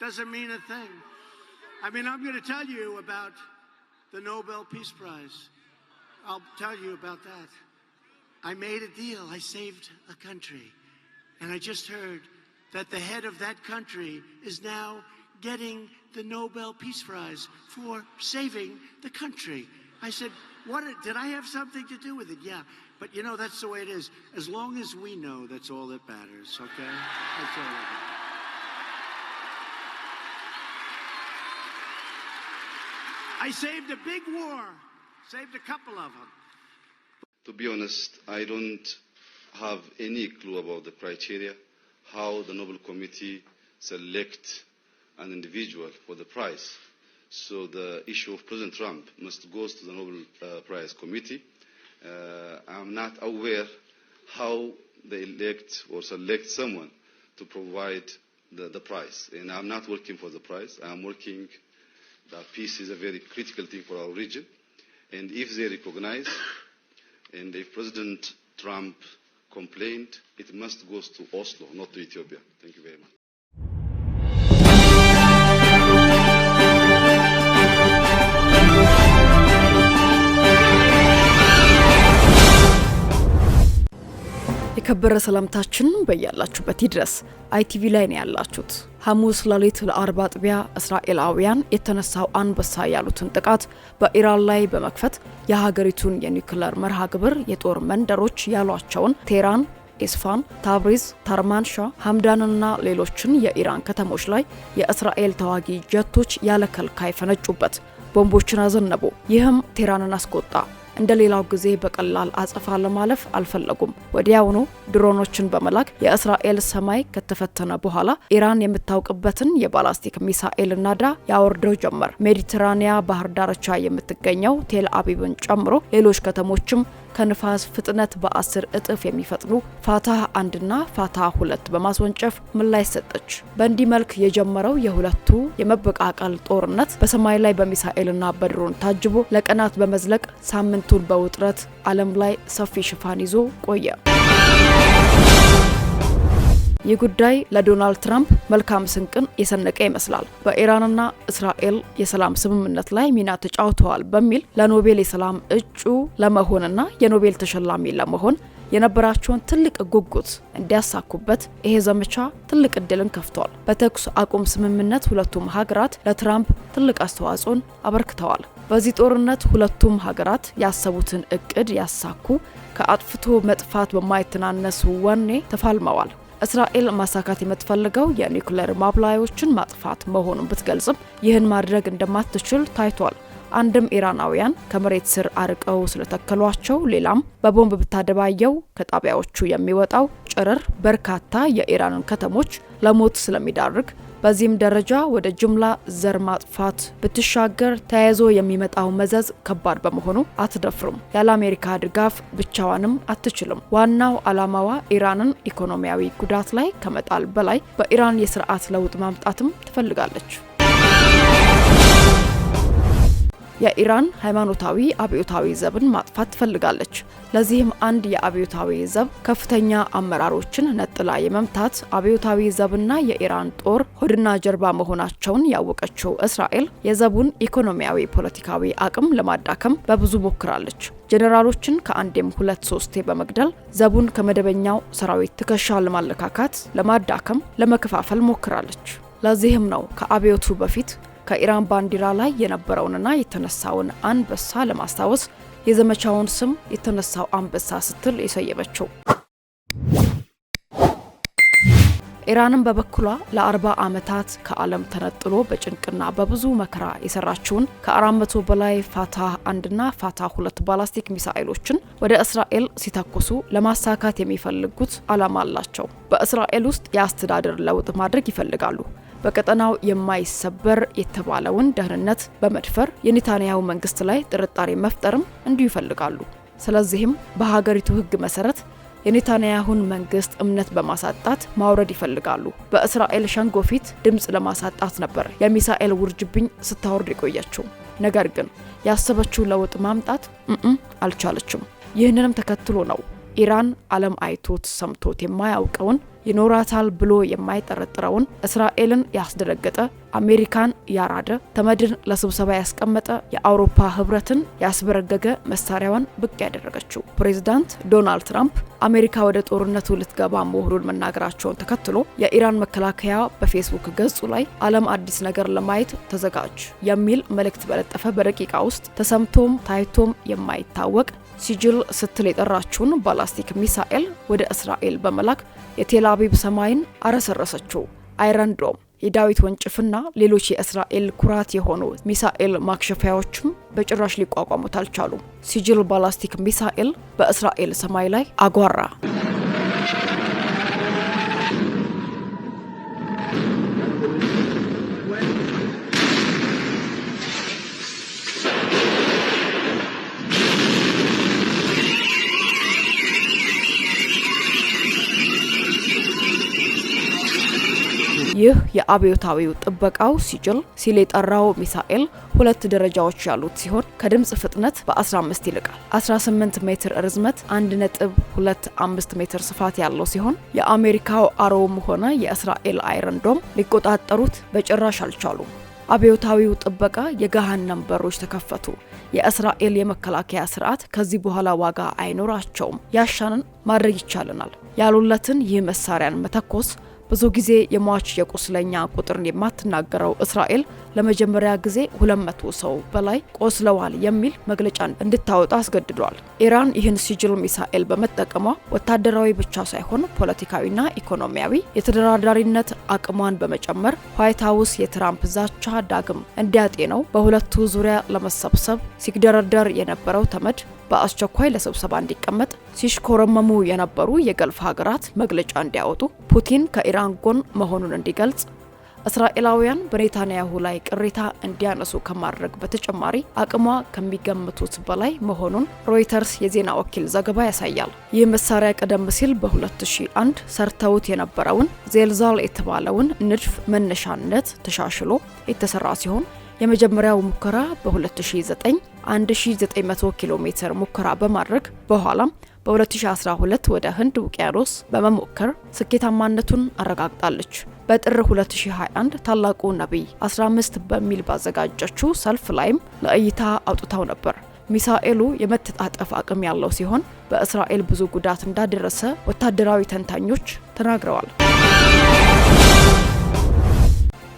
doesn't mean a thing. I mean, I'm going to tell you about the Nobel Peace Prize. I'll tell you about that. I made a deal. I saved a country. And I just heard that the head of that country is now getting the Nobel Peace Prize for saving the country. I said, what did I have something to do with it? Yeah. But you know, that's the way it is. As long as we know, that's all that matters, okay? That's all that matters. I saved a big war, saved a couple of them. To be honest, I don't have any clue about the criteria, how the Nobel Committee select an individual for the prize. So the issue of President Trump must go to the Nobel uh, Prize Committee. Uh, I'm not aware how they elect or select someone to provide the, the prize. And I'm not working for the prize. I'm working that peace is a very critical thing for our region. And if they recognize, and if President Trump complained, it must go to Oslo, not to Ethiopia. Thank you very much. የከበረ ሰላምታችን በያላችሁበት ይድረስ። አይቲቪ ላይ ነው ያላችሁት። ሐሙስ ሌሊት ለአርብ አጥቢያ እስራኤላውያን የተነሳው አንበሳ ያሉትን ጥቃት በኢራን ላይ በመክፈት የሀገሪቱን የኒውክለር መርሃ ግብር የጦር መንደሮች ያሏቸውን ቴራን ኢስፋን፣ ታብሪዝ፣ ታርማንሻ፣ ሐምዳንና ሌሎችን የኢራን ከተሞች ላይ የእስራኤል ተዋጊ ጀቶች ያለ ከልካይ ፈነጩበት፣ ቦምቦችን አዘነቡ። ይህም ቴራንን አስቆጣ። እንደ ሌላው ጊዜ በቀላል አጸፋ ለማለፍ አልፈለጉም። ወዲያውኑ ድሮኖችን በመላክ የእስራኤል ሰማይ ከተፈተነ በኋላ ኢራን የምታውቅበትን የባላስቲክ ሚሳኤል ናዳ ያወርደው ጀመር። ሜዲትራኒያ ባህር ዳርቻ የምትገኘው ቴል አቢብን ጨምሮ ሌሎች ከተሞችም ከንፋስ ፍጥነት በአስር እጥፍ የሚፈጥኑ ፋታህ አንድና ፋታህ ሁለት በማስወንጨፍ ምላሽ ሰጠች። በእንዲህ መልክ የጀመረው የሁለቱ የመበቃቀል ጦርነት በሰማይ ላይ በሚሳኤልና በድሮን ታጅቦ ለቀናት በመዝለቅ ሳምንቱን በውጥረት ዓለም ላይ ሰፊ ሽፋን ይዞ ቆየ። ይህ ጉዳይ ለዶናልድ ትራምፕ መልካም ስንቅን የሰነቀ ይመስላል። በኢራንና እስራኤል የሰላም ስምምነት ላይ ሚና ተጫውተዋል በሚል ለኖቤል የሰላም እጩ ለመሆንና የኖቤል ተሸላሚ ለመሆን የነበራቸውን ትልቅ ጉጉት እንዲያሳኩበት ይሄ ዘመቻ ትልቅ እድልን ከፍቷል። በተኩስ አቁም ስምምነት ሁለቱም ሀገራት ለትራምፕ ትልቅ አስተዋጽኦን አበርክተዋል። በዚህ ጦርነት ሁለቱም ሀገራት ያሰቡትን እቅድ ያሳኩ ከአጥፍቶ መጥፋት በማይተናነሱ ወኔ ተፋልመዋል። እስራኤል ማሳካት የምትፈልገው የኒውክሌር ማብላያዎችን ማጥፋት መሆኑን ብትገልጽም ይህን ማድረግ እንደማትችል ታይቷል። አንድም ኢራናውያን ከመሬት ስር አርቀው ስለተከሏቸው፣ ሌላም በቦምብ ብታደባየው ከጣቢያዎቹ የሚወጣው ጨረር በርካታ የኢራንን ከተሞች ለሞት ስለሚዳርግ በዚህም ደረጃ ወደ ጅምላ ዘር ማጥፋት ብትሻገር ተያይዞ የሚመጣው መዘዝ ከባድ በመሆኑ አትደፍርም። ያለ አሜሪካ ድጋፍ ብቻዋንም አትችልም። ዋናው ዓላማዋ ኢራንን ኢኮኖሚያዊ ጉዳት ላይ ከመጣል በላይ በኢራን የስርዓት ለውጥ ማምጣትም ትፈልጋለች። የኢራን ሃይማኖታዊ አብዮታዊ ዘብን ማጥፋት ትፈልጋለች። ለዚህም አንድ የአብዮታዊ ዘብ ከፍተኛ አመራሮችን ነጥላ የመምታት አብዮታዊ ዘብና የኢራን ጦር ሆድና ጀርባ መሆናቸውን ያወቀችው እስራኤል የዘቡን ኢኮኖሚያዊ፣ ፖለቲካዊ አቅም ለማዳከም በብዙ ሞክራለች። ጄኔራሎችን ከአንዴም ሁለት ሶስቴ በመግደል ዘቡን ከመደበኛው ሰራዊት ትከሻ ለማለካካት፣ ለማዳከም፣ ለመከፋፈል ሞክራለች። ለዚህም ነው ከአብዮቱ በፊት ከኢራን ባንዲራ ላይ የነበረውንና የተነሳውን አንበሳ ለማስታወስ የዘመቻውን ስም የተነሳው አንበሳ ስትል የሰየመችው ኢራንም በበኩሏ ለ40 ዓመታት ከዓለም ተነጥሎ በጭንቅና በብዙ መከራ የሰራችውን ከ400 በላይ ፋታህ አንድና ፋታህ ሁለት ባላስቲክ ሚሳኤሎችን ወደ እስራኤል ሲተኩሱ ለማሳካት የሚፈልጉት ዓላማ አላቸው። በእስራኤል ውስጥ የአስተዳደር ለውጥ ማድረግ ይፈልጋሉ። በቀጠናው የማይሰበር የተባለውን ደህንነት በመድፈር የኔታንያሁ መንግስት ላይ ጥርጣሬ መፍጠርም እንዲሁ ይፈልጋሉ። ስለዚህም በሀገሪቱ ህግ መሰረት የኔታንያሁን መንግስት እምነት በማሳጣት ማውረድ ይፈልጋሉ። በእስራኤል ሸንጎ ፊት ድምፅ ለማሳጣት ነበር የሚሳኤል ውርጅብኝ ስታወርድ የቆየችው። ነገር ግን ያሰበችው ለውጥ ማምጣት አልቻለችም። ይህንንም ተከትሎ ነው ኢራን ዓለም አይቶት ሰምቶት የማያውቀውን ይኖራታል ብሎ የማይጠረጥረውን እስራኤልን ያስደነገጠ አሜሪካን ያራደ ተመድን ለስብሰባ ያስቀመጠ የአውሮፓ ህብረትን ያስበረገገ መሳሪያዋን ብቅ ያደረገችው ፕሬዚዳንት ዶናልድ ትራምፕ አሜሪካ ወደ ጦርነቱ ልትገባ መሆኑን መናገራቸውን ተከትሎ የኢራን መከላከያ በፌስቡክ ገጹ ላይ ዓለም አዲስ ነገር ለማየት ተዘጋጅ የሚል መልእክት በለጠፈ በደቂቃ ውስጥ ተሰምቶም ታይቶም የማይታወቅ ሲጅል ስትል የጠራችውን ባላስቲክ ሚሳኤል ወደ እስራኤል በመላክ የቴል ሰማይን አረሰረሰችው። አይረንዶም የዳዊት ወንጭፍና ሌሎች የእስራኤል ኩራት የሆኑ ሚሳኤል ማክሸፊያዎችም በጭራሽ ሊቋቋሙት አልቻሉም። ሲጅል ባላስቲክ ሚሳኤል በእስራኤል ሰማይ ላይ አጓራ። ይህ የአብዮታዊው ጥበቃው ሲጭል ሲል የጠራው ሚሳኤል ሁለት ደረጃዎች ያሉት ሲሆን ከድምፅ ፍጥነት በ15 ይልቃል። 18 ሜትር ርዝመት፣ 1.25 ሜትር ስፋት ያለው ሲሆን የአሜሪካው አሮውም ሆነ የእስራኤል አይረንዶም ሊቆጣጠሩት በጭራሽ አልቻሉም። አብዮታዊው ጥበቃ የገሃነም በሮች ተከፈቱ። የእስራኤል የመከላከያ ስርዓት ከዚህ በኋላ ዋጋ አይኖራቸውም። ያሻንን ማድረግ ይቻልናል ያሉለትን ይህ መሳሪያን መተኮስ ብዙ ጊዜ የሟች የቁስለኛ ቁጥርን የማትናገረው እስራኤል ለመጀመሪያ ጊዜ 200 ሰው በላይ ቆስለዋል የሚል መግለጫን እንድታወጣ አስገድዷል። ኢራን ይህን ሲጅል ሚሳኤል በመጠቀሟ ወታደራዊ ብቻ ሳይሆን ፖለቲካዊና ኢኮኖሚያዊ የተደራዳሪነት አቅሟን በመጨመር ዋይት ሀውስ የትራምፕ ዛቻ ዳግም እንዲያጤነው በሁለቱ ዙሪያ ለመሰብሰብ ሲግደረደር የነበረው ተመድ በአስቸኳይ ለስብሰባ እንዲቀመጥ ሲሽኮረመሙ የነበሩ የገልፍ ሀገራት መግለጫ እንዲያወጡ፣ ፑቲን ከኢራን ጎን መሆኑን እንዲገልጽ፣ እስራኤላውያን በኔታንያሁ ላይ ቅሬታ እንዲያነሱ ከማድረግ በተጨማሪ አቅሟ ከሚገምቱት በላይ መሆኑን ሮይተርስ የዜና ወኪል ዘገባ ያሳያል። ይህ መሳሪያ ቀደም ሲል በ2001 ሰርተውት የነበረውን ዜልዛል የተባለውን ንድፍ መነሻነት ተሻሽሎ የተሰራ ሲሆን የመጀመሪያው ሙከራ በ2009 1900 ኪሎ ሜትር ሙከራ በማድረግ በኋላም በ2012 ወደ ህንድ ውቅያኖስ በመሞከር ስኬታማነቱን አረጋግጣለች። በጥር 2021 ታላቁ ነቢይ 15 በሚል ባዘጋጀችው ሰልፍ ላይም ለእይታ አውጥታው ነበር። ሚሳኤሉ የመተጣጠፍ አቅም ያለው ሲሆን በእስራኤል ብዙ ጉዳት እንዳደረሰ ወታደራዊ ተንታኞች ተናግረዋል።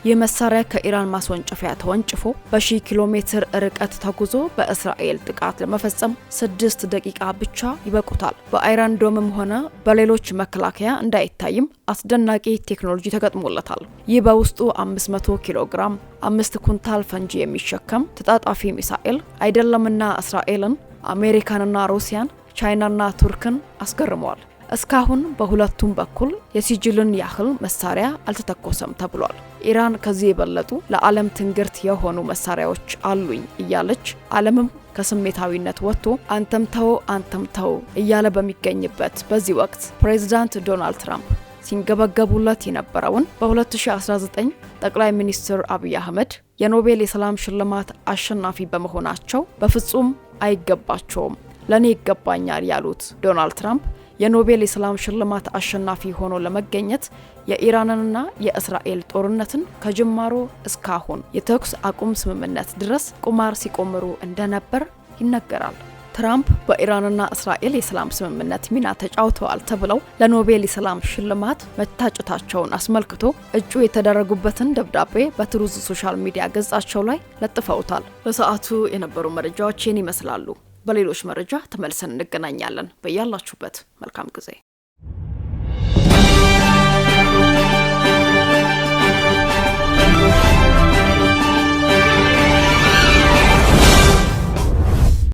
ይህ መሳሪያ ከኢራን ማስወንጨፊያ ተወንጭፎ በሺህ ኪሎ ሜትር ርቀት ተጉዞ በእስራኤል ጥቃት ለመፈጸም ስድስት ደቂቃ ብቻ ይበቁታል። በአይረን ዶምም ሆነ በሌሎች መከላከያ እንዳይታይም አስደናቂ ቴክኖሎጂ ተገጥሞለታል። ይህ በውስጡ 500 ኪሎ ግራም አምስት ኩንታል ፈንጂ የሚሸከም ተጣጣፊ ሚሳኤል አይደለምና እስራኤልን፣ አሜሪካንና ሩሲያን፣ ቻይናና ቱርክን አስገርመዋል። እስካሁን በሁለቱም በኩል የሲጅልን ያህል መሳሪያ አልተተኮሰም ተብሏል። ኢራን ከዚህ የበለጡ ለዓለም ትንግርት የሆኑ መሳሪያዎች አሉኝ እያለች ዓለምም ከስሜታዊነት ወጥቶ አንተም ተው አንተም ተው እያለ በሚገኝበት በዚህ ወቅት ፕሬዚዳንት ዶናልድ ትራምፕ ሲንገበገቡለት የነበረውን በ2019 ጠቅላይ ሚኒስትር አብይ አህመድ የኖቤል የሰላም ሽልማት አሸናፊ በመሆናቸው በፍጹም አይገባቸውም፣ ለእኔ ይገባኛል ያሉት ዶናልድ ትራምፕ የኖቤል የሰላም ሽልማት አሸናፊ ሆኖ ለመገኘት የኢራንንና የእስራኤል ጦርነትን ከጅማሮ እስካሁን የተኩስ አቁም ስምምነት ድረስ ቁማር ሲቆምሩ እንደነበር ይነገራል። ትራምፕ በኢራንና እስራኤል የሰላም ስምምነት ሚና ተጫውተዋል ተብለው ለኖቤል የሰላም ሽልማት መታጨታቸውን አስመልክቶ እጩ የተደረጉበትን ደብዳቤ በትሩዝ ሶሻል ሚዲያ ገጻቸው ላይ ለጥፈውታል። ለሰዓቱ የነበሩ መረጃዎች ይህን ይመስላሉ። በሌሎች መረጃ ተመልሰን እንገናኛለን። በያላችሁበት መልካም ጊዜ